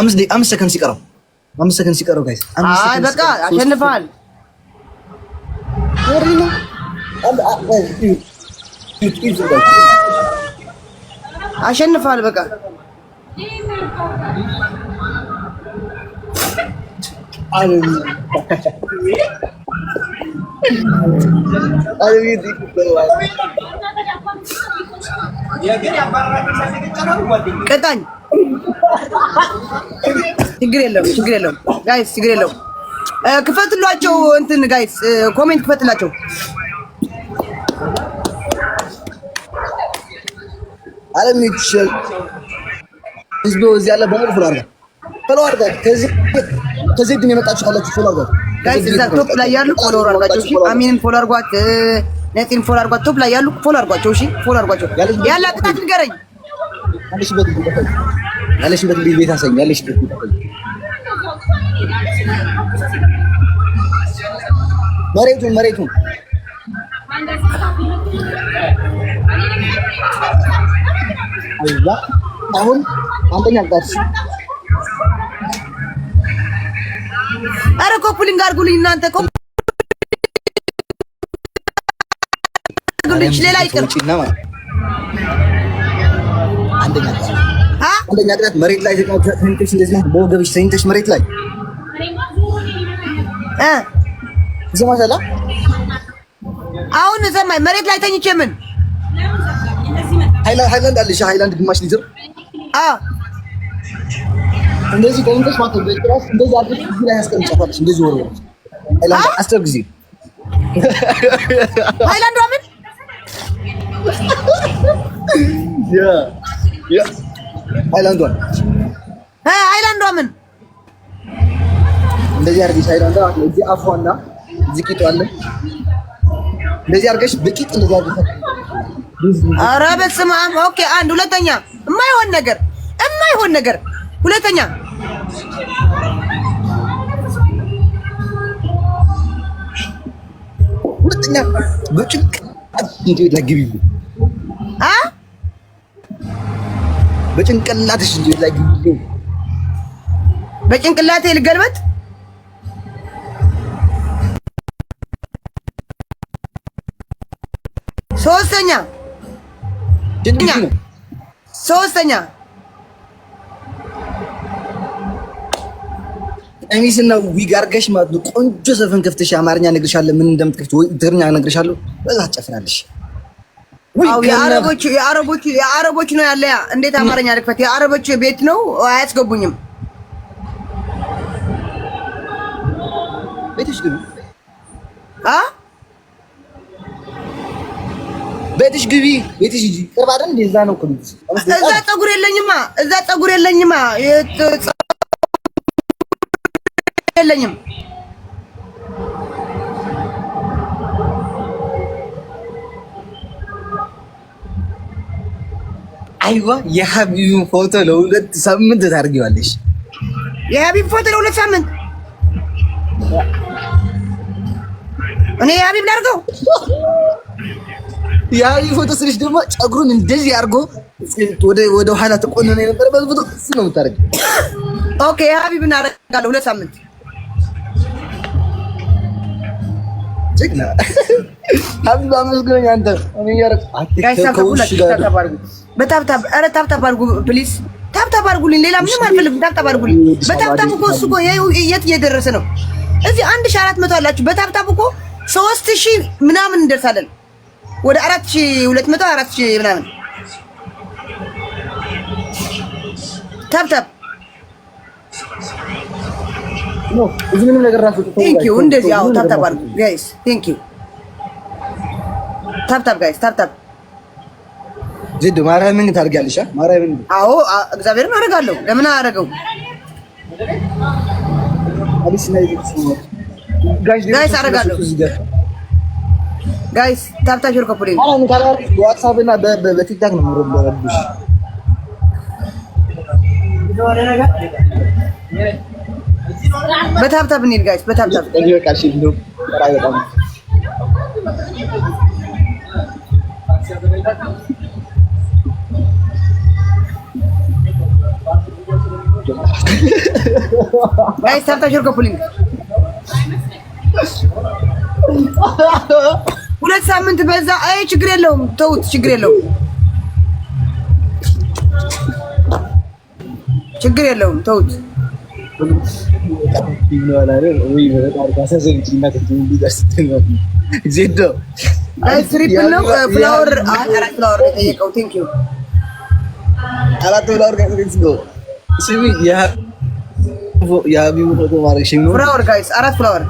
አምስት ሰከንድ ሲቀረው አምስት ሰከንድ ሲቀረው፣ ጋይስ አይ በቃ አሸንፈሃል። አሸንፈሃል በቃ ቅጣኝ ችግር የለውም፣ ችግር የለውም ጋይስ፣ ችግር የለውም። ክፈትላቸው እንትን ጋይስ፣ ኮሜንት ክፈትላቸው። አለም ይችላል ህዝቡ እዚህ ያለ በሙሉ ፍሎ አድርጋ ፍሎ አድርጋ ከዚህ ከዚህ ግን የመጣችሁ ካላችሁ ፍሎ አድርጋ ጋይስ፣ እዛ ቶፕ ላይ ያሉ ፎሎ አድርጓቸው። እሺ፣ አሚንን ፎሎ አድርጓት፣ ነፂን ፎሎ አድርጓት። ቶፕ ላይ ያሉ ፎሎ አድርጓቸው። እሺ፣ ፎሎ አድርጓቸው። ያላ ቅጣት ንገረኝ ያለሽበት ቤት አሰኝ ያለሽበት ቤት መሬቱን መሬቱን አሁን አንደኛ አጋርሽ አረ ኮፕሊንግ አድርጉልኝ እናንተ ኮፕሊንግ ሌላ ይቅር አንደኛ አንደኛ ቅጣት መሬት ላይ ተኝተሽ እንደዚህ በወገብሽ ተኝተሽ መሬት ላይ እ ይሰማሻል? አሁን ሰማይ መሬት ላይ ተኝቼ ምን ሃይላንድ አለሽ? ሃይላንድ ግማሽ ሊትር አ እንደዚህ ተኝተሽ ማለት ነው። በቅራስ እንደዚህ አድርገሽ እዚህ ላይ ያስቀምጫታለሽ። እንደዚህ ወር ወር ሃይላንድ አስር ጊዜ ሃይላንዷ ምን ሃይላንዷን ሃይላንዷ ምን እንደዚህ አድርገሽ ሃይላንዷ እዚህ አፏና እዚህ ቂጧ አለ። እንደዚህ አድርገሽ በቂጥ እንደዚህ አድርገሽ። ኧረ በስመ አብ። ኦኬ አንድ ሁለተኛ፣ የማይሆን ነገር የማይሆን ነገር ሁለተኛ ሁለተኛ በጭንቅ እንዴ ለግቢው አ በጭንቅላትሽ እንጂ ላይ በጭንቅላቴ ልገልበት ሶስተኛ ሶስተኛ ቀሚስና ዊግ አድርገሽ ማለት ነው። ቆንጆ ዘፈን ከፍተሽ አማርኛ እነግርሻለሁ፣ ምን እንደምትከፍቺ ወይ ትግርኛ እነግርሻለሁ። በዛ ትጨፍራለሽ። የአረቦች ነው ያለ። እንዴት አማርኛ ልክፈት? የአረቦች ቤት ነው አያስገቡኝም። ቤትሽ ግቢ አ ቤትሽ ግቢ ቤትሽ ግቢ ቅርብ አይደል? እንደዛ ነው እኮ እዛ ፀጉር የለኝማ፣ እዛ ፀጉር የለኝማ፣ የለኝም አይዋ የሀቢብን ፎቶ ለሁለት ሳምንት ታርጊዋለሽ። የሀቢብ ፎቶ ለሁለት ሳምንት እኔ የሀቢብ ላርገው። የሀቢብ ፎቶ ስልሽ ደግሞ ጨጉሩን እንደዚህ አርጎ ወደ ወደ ኋላ ተቆነ ነው ተቆንነ በዚህ ፎቶ እሱ ነው የምታደርጊው። ኦኬ የሀቢብ እናደርጋለሁ ሁለት ሳምንት ሀቢብ አመስግነኝ አንተ በታብታብ ኧረ ታብታብ አድርጉ ፕሊዝ። ታብታብ አድርጉልኝ። ሌላ ምንም አልፈልግም። ታብታብ አድርጉልኝ። በታብታብ እኮ እሱ እኮ የት እየደረሰ ነው? እዚህ አንድ ሺህ አራት መቶ አላችሁ። በታብታብ እኮ ሶስት ሺህ ምናምን እንደርሳለን። ወደ አራት ሺህ ሁለት መቶ አራት ሺህ ምናምን ታብታብ እዚህ ምንም ነገር ራሱ ቴንኪው። እንደዚህ አዎ፣ ታብታብ አድርጉ ጋይስ። ቴንኪው። ታብታብ ጋይስ፣ ታብታብ ጅድ ማርያምን ግን ታደርጊያለሽ? ማርያምን አዎ፣ እግዚአብሔርን አደርጋለሁ። ለምን አደረገው? ጋይስ አደርጋለሁ። ጋይስ ዋትሳፕ እና በቲክታክ ነው የምረብሽ። በታብታብ እንሂድ ጋይስ፣ በታብታብ ጋይስ ታብታችሁ ከፉልኝ ሁለት ሳምንት በዛ። አይ ችግር የለውም ተውት፣ ችግር የለውም ችግር የለውም ተውት። ትሪፕል ነው ፍላወር አራት ፍላወር የጠየቀው ቴንክ ዩ አራት ፍላወር ስሚ የሀቢቡ ፎቶ ማድረግ ፍላወር ጋይስ አራት ፍላወር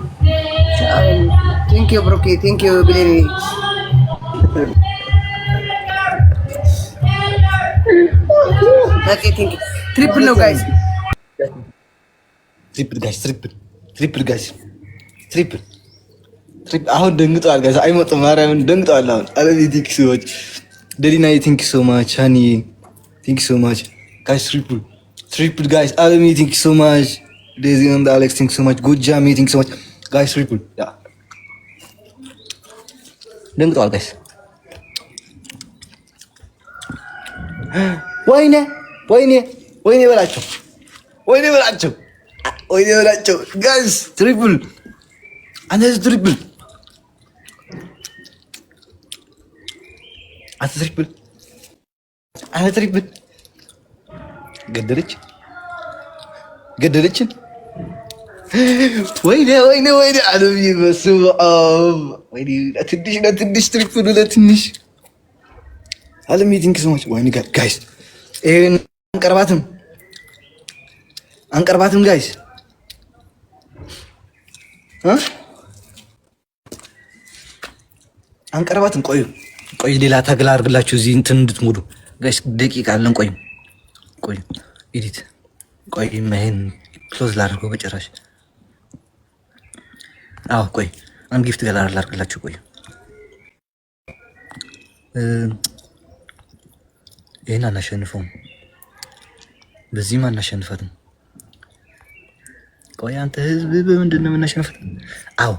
ቴንኪው ብሩኬ ቴንኪው ብሌኔ ትሪፕል ነው ጋይስ ትሪፕል ጋይስ ትሪፕል ትሪፕል ጋይስ ትሪፕል አሁን ደንግጠዋል ጋይስ አይመጡም ማርያምን ደንግጠዋል አሁን አለዚ ቲንክ ሰዎች ደሊና ቲንክ ሶ ማች ሃኒ ቲንክ ሶ ማች ጋይስ ትሪፕል Triple guys, Adam, you thank you so much. Daisy and Alex, thank you so much. Good job, meeting thank you so much. Guys, triple. Yeah. Don't tu guys. Ne? ወይኔ ወይኔ በላቸው ወይኔ በላቸው ወይኔ በላቸው ጋይስ ትሪፕል አነዚህ ትሪፕል አንተ ትሪፕል አንተ triple. ገደለችን ገደለችን። ወይኔ ወይኔ ወይኔ አለብዬ በስመ አብ ወይኔ ለትንሽ ለትንሽ ትሪፕ ነው ለትንሽ አለም የቲንክ ሰሞች ወይኔ ጋይስ ይሄን አንቀርባትም አንቀርባትም ጋይስ አንቀርባትም ቆዩ ቆይ ሌላ ተግላ አድርግላችሁ እዚህ እንትን እንድትሞዱ ጋይስ ደቂቃ አለን ቆዩ ቆይ ኢዲት ቆይ ይሄን ክሎዝ ላድርገው በጭራሽ። አዎ ቆይ አንድ ጊፍት ገላ ላድርግላችሁ። ቆይ ይህን አናሸንፈውም፣ በዚህም አናሸንፈትም። ቆይ አንተ ህዝብ በምንድን ነው የምናሸንፈት? አዎ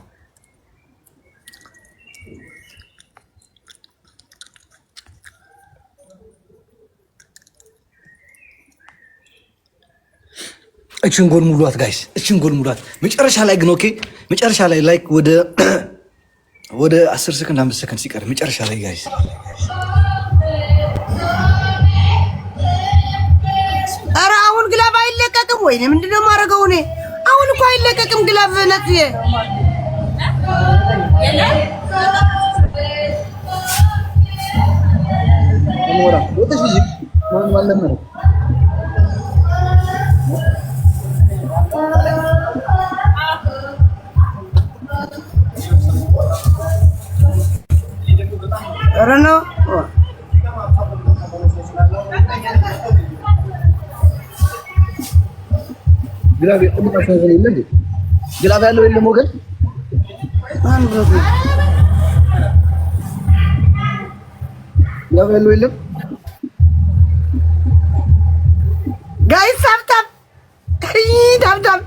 እችን ጎል ሙሏት ጋይስ፣ እችን ጎል ሙሏት። መጨረሻ ላይ ግን ኦኬ፣ መጨረሻ ላይ ላይክ ወደ ወደ 10 ሰከንድ 5 ሰከንድ ሲቀር መጨረሻ ላይ ጋይስ፣ ኧረ አሁን ግላብ አይለቀቅም ወይ? ምንድን ነው የማደርገው እኔ? አሁን እኮ አይለቀቅም ግላብ ነጥዬ ወራ ኧረ ነው ግላብ ያለው የለም ወገን ግላብ ያለው የለም። ጋይ ሳብታብ ታብታብ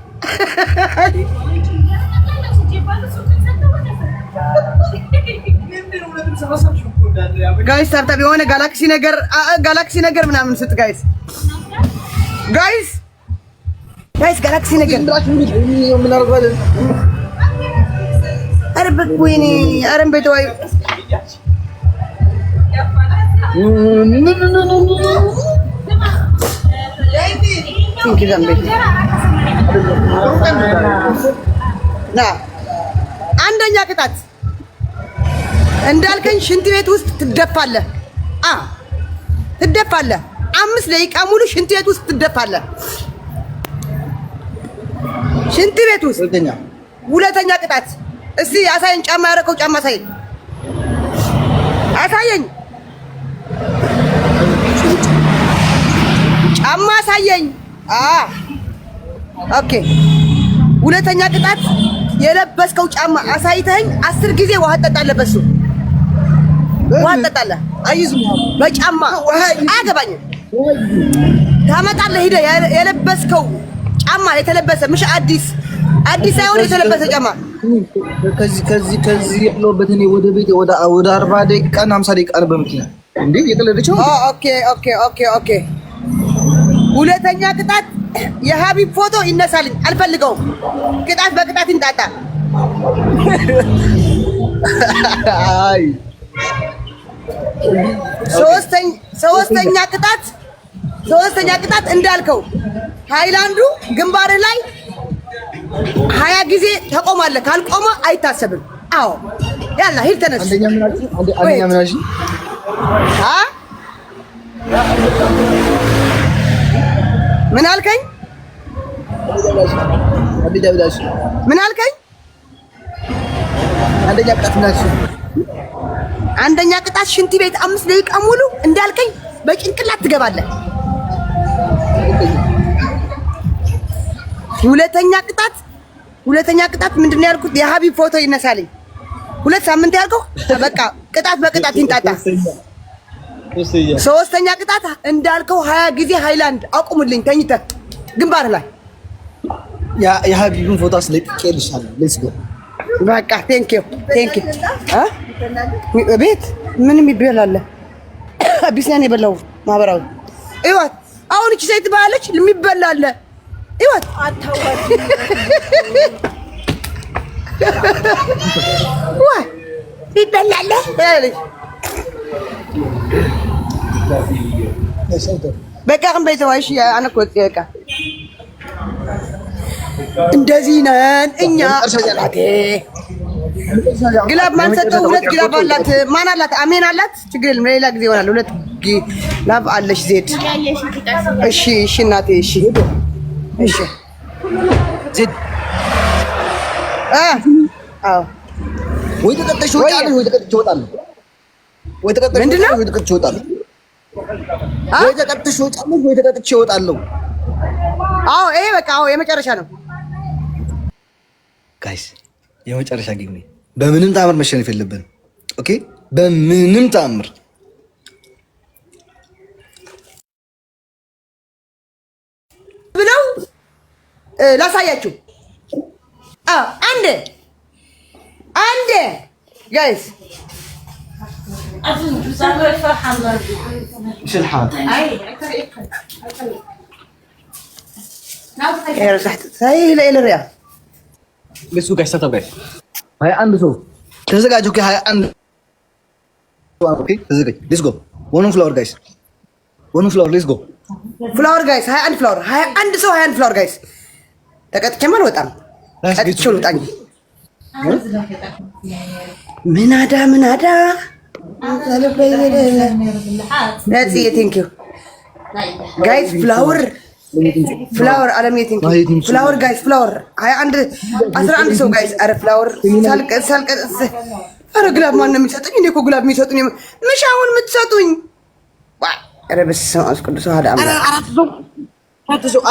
ጋይስ ታርታ የሆነ ጋላክሲ ነገር ጋላክሲ ነገር ምናምን ስጥ ጋይስ ጋይስ ጋይስ ጋላክሲ ነገር አረበት ወይኔ አረም በተዋይ አንደኛ ቅጣት እንዳልከኝ ሽንት ቤት ውስጥ ትደፋለህ፣ አ ትደፋለህ። አምስት ደቂቃ ሙሉ ሽንት ቤት ውስጥ ትደፋለህ። ሽንት ቤት ውስጥ ሁለተኛ ቅጣት። እስቲ አሳየኝ፣ ጫማ ያደረገው ጫማ አሳየኝ፣ አሳየኝ፣ ጫማ አሳየኝ። አ ኦኬ፣ ሁለተኛ ቅጣት የለበስከው ጫማ አሳይተኝ፣ አስር ጊዜ ውሃ ጠጣ አለበት እሱ ዋጠጣለህ አይዝም በጫማ አያገባኝም። ታመጣለህ ሂደህ የለበስከው ጫማ የተለበሰ ምሽ አዲስ አዲስ አይሆን የተለበሰ ጫማ ከዚህ ከዚህ ከዚህ ያለሁበት እኔ ወደ ቤት ወደ ወደ 40 ደቂቃ እና 50 ደቂቃ በመኪና እንዴ የቀለደችው። ኦኬ ኦኬ ኦኬ ኦኬ። ሁለተኛ ቅጣት የሀቢብ ፎቶ ይነሳልኝ አልፈልገውም። ቅጣት በቅጣት ይንጣጣ። አይ ሶስተኛ ቅጣት ሶስተኛ ቅጣት እንዳልከው ሃይላንዱ ግንባር ላይ ሀያ ጊዜ ተቆማለህ። ካልቆመ አይታሰብም። አዎ ያላ ሂድ ተነስ። ምን አልከኝ? ምን አልከኝ? አንደኛ ቅጣት አንደኛ ቅጣት ሽንት ቤት አምስት ደቂቃ ሙሉ እንዳልከኝ በጭንቅላት ትገባለህ። ሁለተኛ ቅጣት ሁለተኛ ቅጣት ምንድን ነው ያልኩት? የሀቢብ ፎቶ ይነሳልኝ። ሁለት ሳምንት ያልከው በቃ ቅጣት በቅጣት ይንጣጣ። ሶስተኛ ቅጣት እንዳልከው ሀያ ጊዜ ሃይላንድ አቁሙልኝ ተኝተህ ግንባር ላይ የሀቢብን ፎቶ አስለቅቄልሻለሁ። በቃ ዩ ቴንኪው ቤት ምንም ይበላል። አቢስ ነን የበላው ማህበራዊ እዋት አሁን እቺ ሴት ባለች የሚበላል እዋት ወይ ይበላል በቃ ቅም በይተዋሽ አነኮ በቃ እንደዚህ ነን እኛ ግላብ ማን ሰጠው? ሁለት ግላብ አላት። ማን አላት? አሜን አላት። ችግር የለም ለሌላ ጊዜ ይሆናል። ሁለት ግላብ አለሽ ዜድ። እሺ፣ እሺ እናቴ፣ እሺ፣ እሺ ዜድ አ አዎ ወይ ተቀጥተሽ ወጣለሽ፣ ወይ ተቀጥተሽ ወጣለሽ፣ ወይ ተቀጥተሽ ወጣለሽ፣ ወይ ተቀጥተሽ ወጣለሽ፣ ወይ ተቀጥተሽ ወጣለሽ። አዎ ይሄ በቃ አዎ የመጨረሻ ነው ጋይስ የመጨረሻ ጌም ነው። በምንም ተአምር መሸነፍ የለብንም። ኦኬ፣ በምንም ተአምር ብለው ላሳያችሁ። አንድ አንድ ጋይስ ርዛሕት ሳይ ኢለ ኢለ ሪያ ሌትስ ጋር ጋይስ ሀያ አንድ ሰው ተዘጋጅ። ኦኬ ሀያ አንድ ተዘጋጅ። ሌትስ ጎ ፍላወር ጋይስ፣ ፍላወር ሌትስ ጎ ፍላወር ጋይስ። ሀያ አንድ ፍላወር፣ ሀያ አንድ ሰው፣ ሀያ አንድ ፍላወር ጋይስ። አልወጣም፣ ቀጥቼው ልውጣ ጋይስ ፍላወር ፍላወር አለም ፍላወር ጋይስ ፍላወር ሀያ አንድ አስራ አንድ ሰው ጋይስ። አረ ፍላወር ሳልቀጥ አረ ግላብ ማነው የሚሰጡኝ? እኔ እኮ ግላብ የሚሰጡኝ ምሻውን የምትሰጡኝ። አረ በስመ አብ ቅዱስ ዋህድ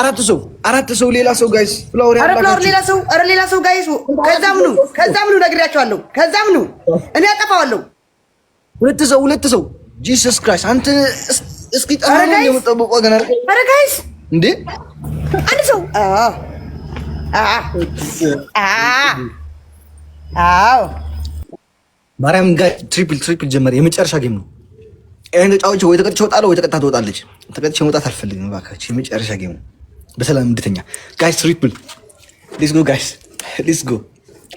አራት ሰው አራት ሰው ሌላ ሰው ጋይስ ፍላወር አረ ፍላወር ሌላ ሰው አረ ሌላ ሰው ጋይስ። ከዛም ነው ከዛም ነው ነግሬያቸዋለሁ። ከዛም ነው እኔ አጠፋዋለሁ። ሁለት ሰው ሁለት ሰው ጂሰስ ክራይስት አንተ እስኪ ጠራ ነው የምጠብቀው ገና አረ ጋይስ እንዴ አንድ ሰው ማርያም ጋር ትሪፕል ትሪፕል ጀመረ። የመጨረሻ ጌም ነው። ይህን ተጫዋች ወይ ተቀጥቼ እወጣለሁ ወይ ተቀጥታ ትወጣለች። ተቀጥቼ መውጣት አልፈልግም እባካችሁ። የመጨረሻ ጌም ነው። በሰላም እንድተኛ ጋይስ። ትሪፕል ሌትስ ጎ ጋይስ፣ ሌትስ ጎ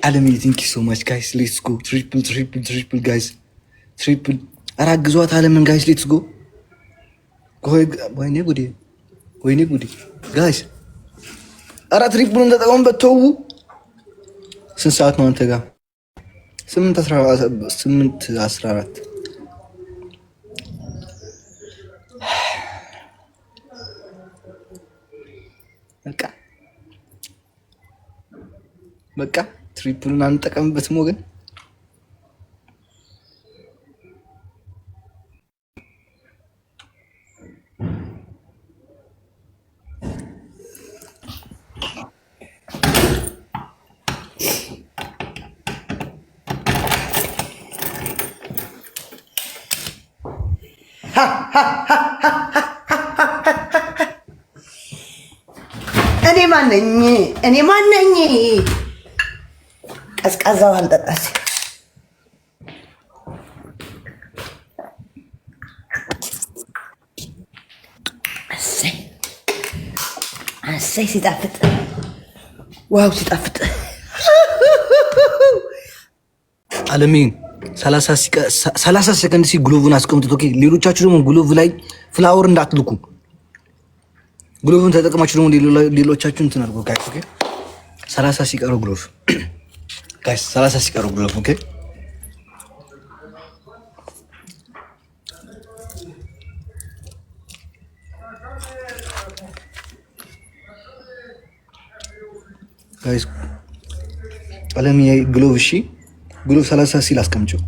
አለም። ቲንክ ሶ ማች ጋይስ፣ ሌትስ ጎ ትሪፕል ትሪፕል ትሪፕል ጋይስ፣ ትሪፕል አራግዟት አለምን ጋይስ፣ ሌትስ ጎ ወይኔ ጉዴ ወይኔ ጉዴ ጋይስ፣ ኧረ ብሎ ተጠቀሙበት። ተው ስንት ሰዓት ነው አንተ ጋር? ስምንት አስራ አራት በቃ በቃ ትሪፕሉን አንጠቀምበትም ወገን እኔ ማነኝ? እኔ ማነኝ? ቀዝቃዛው አልጠጣስ አሰይ ሲጣፍጥ! ዋው ሲጣፍጥ! አለሚን ሰላሳ ሰከንድ ሲ ግሎቭን አስቀምጡት። ኦኬ ሌሎቻችሁ ደግሞ ግሎቭ ላይ ፍላወር እንዳትልኩ። ግሎቭን ተጠቅማችሁ ደግሞ ሌሎቻችሁ እንትን ኦኬ ሰላሳ ሲቀረው ግሎቭ ጋይ፣ ሰላሳ ሲቀረው ግሎቭ። ኦኬ ጋይስ፣ ቀለም የግሎቭ እሺ ግሩፕ 30 ሲል አስቀምጪው።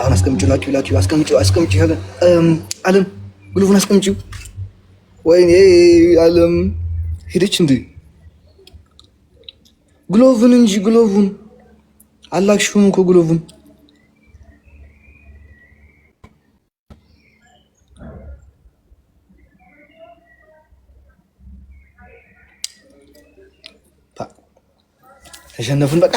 አሁን አስቀምጪው፣ ላኪ ላኪው፣ አስቀምጪው፣ አስቀምጪው። አለም ግሩፑን አስቀምጪው። ወይኔ አለም ሄደች እንዴ? ግሎቭን እንጂ ግሎቭን አላክሽውም እኮ ግሎቭን አሸነፉን። በቃ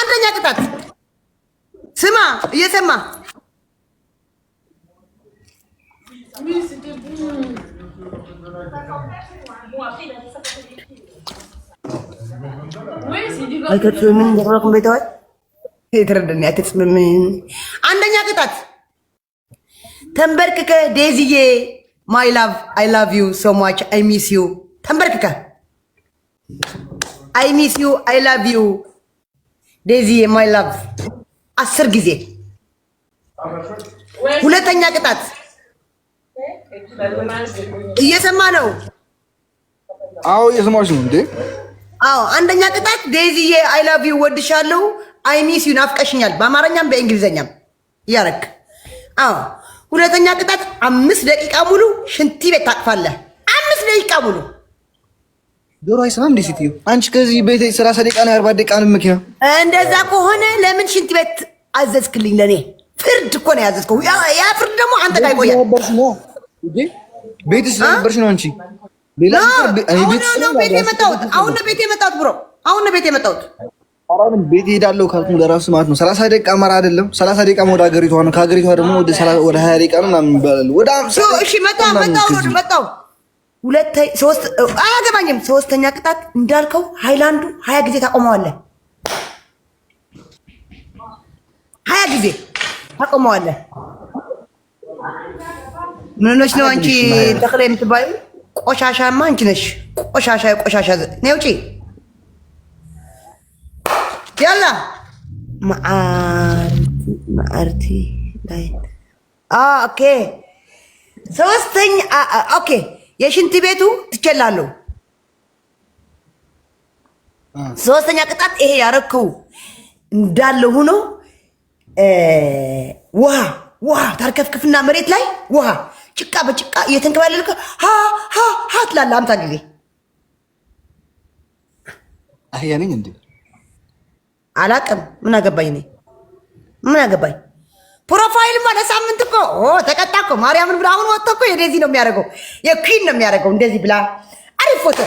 አንደኛ ቅጣት ስማ፣ እየሰማ አይከብስም። ምን እንደሆነ ቤተዋል የተረዳን ያተጽምምን አንደኛ ቅጣት ተንበርክከ ዴዚዬ ማይ ላቭ አይ ላቭ ዩ ሶ ማች አይ ሚስ ዩ ተንበርክከ አይ ሚስ ዩ አይ ላቭ ዩ ዴዚዬ ማይ ላቭ አስር ጊዜ። ሁለተኛ ቅጣት እየሰማ ነው። አዎ እየሰማች ነው እንዴ? አዎ አንደኛ ቅጣት ዴዚዬ አይ ላቭ ዩ ወድሻለሁ አይ ሚስ ዩ ናፍቀሽኛል፣ በአማርኛም በእንግሊዘኛም እያረክ አዎ። ሁለተኛ ቅጣት አምስት ደቂቃ ሙሉ ሽንቲ ቤት ታቅፋለህ። አምስት ደቂቃ ሙሉ ዶሮ አይሰማም እንዴ? ሴትዮ አንቺ ከዚህ ቤት ሰላሳ ደቂቃ ነው አርባ ደቂቃ ነው መኪና። እንደዛ ከሆነ ለምን ሽንት ቤት አዘዝክልኝ? ለእኔ ፍርድ እኮ ነው ያዘዝከው። ያ ፍርድ ደግሞ አንተ ጋር ይቆያል። ቤት ስለነበርሽ ነው አንቺ። ሌላ ቤት ነው ቤት የመጣሁት። አሁን ነው ቤት የመጣሁት ብሮ፣ አሁን ነው ቤት የመጣሁት አራምን ቤት ሄዳለሁ ካልኩ ለራሱ ማለት ነው። 30 ደቂቃ አማራ አይደለም 30 ደቂቃ ወደ ሀገሪቷ ነው። ከሀገሪቷ ደግሞ ወደ 30 ወደ 20 ደቂቃ ነው ምናምን ይባላል። ወደ እሺ፣ መጣሁ መጣሁ መጣሁ። ሁለት ሶስት አያገባኝም። ሶስተኛ ቅጣት እንዳልከው ሃይላንዱ 20 ጊዜ ታቆመዋለህ። 20 ጊዜ ታቆመዋለህ። ምን ነሽ ነው አንቺ ተክለ የምትባዩ ቆሻሻማ አንቺ ነሽ። ቆሻሻ ቆሻሻ ነው ውጪ ያላ ማአርቲ ላይ ኦኬ፣ ሶስተኛ ኦኬ። የሽንት ቤቱ ትችላለሁ። ሶስተኛ ቅጣት ይሄ ያረከው እንዳለ ሆኖ ውሃ ውሃ ታርከፍክፍና መሬት ላይ ውሃ ጭቃ በጭቃ እየተንከባለልከ ሀ ትላለህ። አምሳ ጊዜ አህያ ነኝ እንዴ? አላቅም። ምን አገባኝ እኔ ምን አገባኝ? ፕሮፋይልማ ለሳምንት እኮ ተቀጣ እኮ ማርያምን ብላ። አሁን ወጥቶ እኮ የዴዚ ነው የሚያደርገው የኩን ነው የሚያደርገው እንደዚህ ብላ። አሪፍ ፎቶ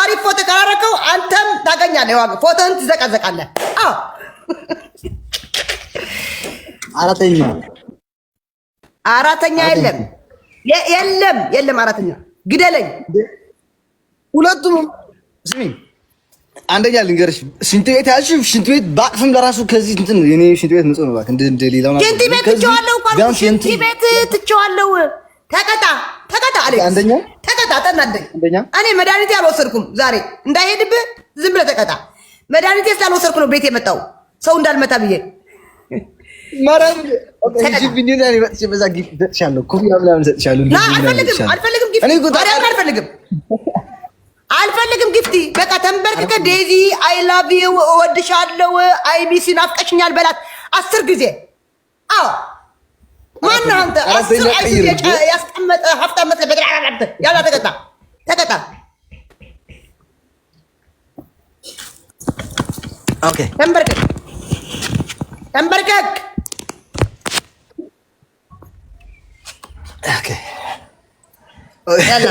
አሪፍ ፎቶ ቀራረከው አንተም ታገኛለህ ዋጋ። ፎቶን ትዘቀዘቃለህ። አዎ አራተኛ አራተኛ የለም የለም የለም አራተኛ ግደለኝ ሁለቱም ስሚ አንደኛ ልንገርሽ፣ ሽንት ቤት ያልሽው ሽንት ቤት በአቅፍም ለራሱ ከዚህ እንትን የኔ ሽንት ቤት ንጹህ ነው። እባክህ እንደ እንደ ሌላው ሽንት ቤት ትቼዋለሁ እኮ አልኩሽ። ሽንት ቤት ትቼዋለሁ። ተቀጣ ተቀጣ አለኝ። አንደኛ ተቀጣ ተናደኝ። አንደኛ እኔ መድኃኒቴ አልወሰድኩም ዛሬ እንዳይሄድብህ ዝም ብለህ ተቀጣ። መድኃኒቴ ስላልወሰድኩ ነው ቤት የመጣው ሰው እንዳልመታ ብዬ ማራም እንጂ ቢኒው ላይ ወጥቼ በዛ ጊፍት ሰጥሻለሁ። ኩፍያ ምናምን ሰጥሻለሁ። አልፈልግም፣ አልፈልግም፣ ጊፍት አልፈልግም አልፈልግም ግፍቲ በቃ ተንበርክከ ዴዚ አይ ላቭ ዩ እወድሻለሁ፣ አይ ሚስ ዩ ናፍቀሽኛል በላት አስር ጊዜ። አዎ ማነህ አንተ ያስቀመጠ ያላ ተቀጣ ተቀጣ። ኦኬ ኦኬ ያላ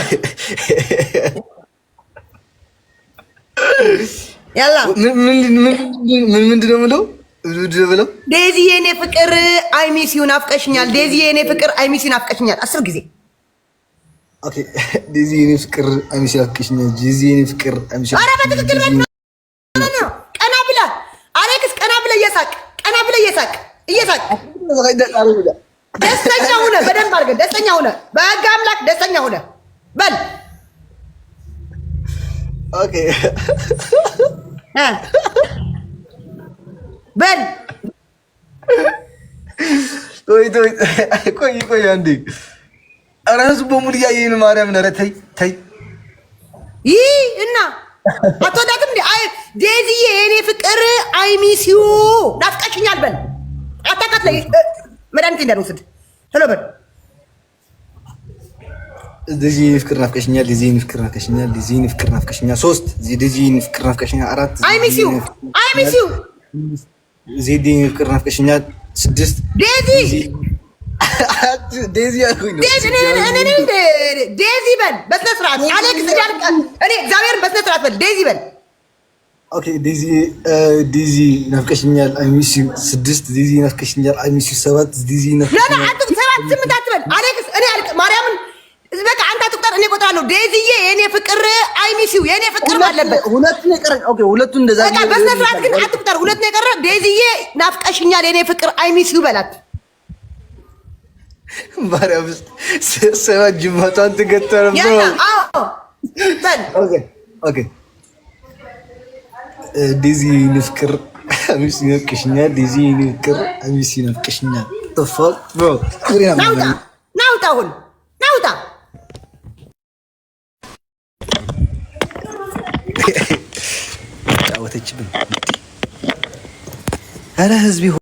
ያላ ምንድነው የምለው ብለው ዴዚ የኔ ፍቅር አይሚሲዩ ናፍቀሽኛል። ዴዚ የኔ ፍቅር አይሚሲዩ ናፍቀሽኛል። አስር ጊዜ ዴዚ የኔ ፍቅር አይሚሲዩ ናፍቀሽኛል። ዴዚ የኔ ፍቅር አይሚሲዩ በትክክል ቀና ብለህ አሌክስ፣ ቀና ብለህ እየሳቅ ቀና ብለህ እየሳቅ እየሳቅ ደስተኛ ሁነህ በደንብ አድርገህ ደስተኛ ሁነህ በህግ አምላክ ደስተኛ ሁነህ በል ኦኬ በል ቆይ ቆይ ቆይ አንዴ። ኧረ ህዝቡ በሙሉ እያየኝ ነው። ማርያምን ተይ ተይ። ይህ እና አቶ ዳግም ዴዚዬ የእኔ ፍቅር አይ ሚስ ዩ ናፍቀሽኛል። በል አታካት ላይ መድኃኒት እንዳልወስድ ሄሎ በል ዲዚን ፍቅር ናፍቀሽኛል፣ ዲዚን ፍቅር ናፍቀሽኛል፣ ዲዚን ፍቅር ናፍቀሽኛል፣ ሶስት ዲዚን ፍቅር ናፍቀሽኛል፣ አራት አይ ሚስ ዩ አይ ሚስ ዩ ዲዚን ፍቅር ናፍቀሽኛል፣ ስድስት ዲዚ ዴዚ ዴዚ በል በስነ ስርዓት አሌክስ እያልቃል። እኔ እግዚአብሔር በስነ ስርዓት በል ዴዚ በል ኦኬ ዲዚ ዲዚ ናፍቀሽኛል፣ አይ ሚስ ዩ ስድስት ዲዚ ናፍቀሽኛል፣ አይ ሚስ ዩ ሰባት ዲዚ ናፍቀሽኛል፣ ሰባት ስምንት ዴዚዬ፣ የኔ ፍቅር አይሚሲው የኔ ፍቅር አለበት። ሁለቱ የቀረ ኦኬ፣ ሁለቱ እንደዛ በቃ በስነ ስርዓት ግን አትቁጠር። ሁለቱ የቀረ ዴዚዬ፣ ናፍቀሽኛል የኔ ፍቅር አይሚሲው በላት። ማርያም ሰባ ጅማቷን ትገተር ዴዚ ንፍቅር አሚስ ይነፍቅሽኛል። ዴዚ ንፍቅር አሚስ ይነፍቅሽኛል። ናውጣ ናውጣ አሁን ናውጣ ጫወተችብን። ኧረ ህዝብ